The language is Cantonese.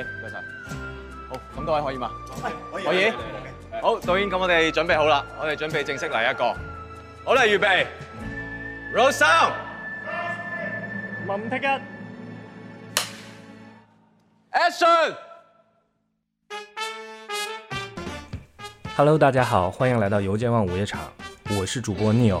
唔該晒！好，咁多位可以嘛？可以，好，導演，咁我哋準備好啦，我哋準備正式嚟一個，好啦，預備，Roll sound Action，Hello，大家好，歡迎來到油尖旺午夜場，我是主播 Neil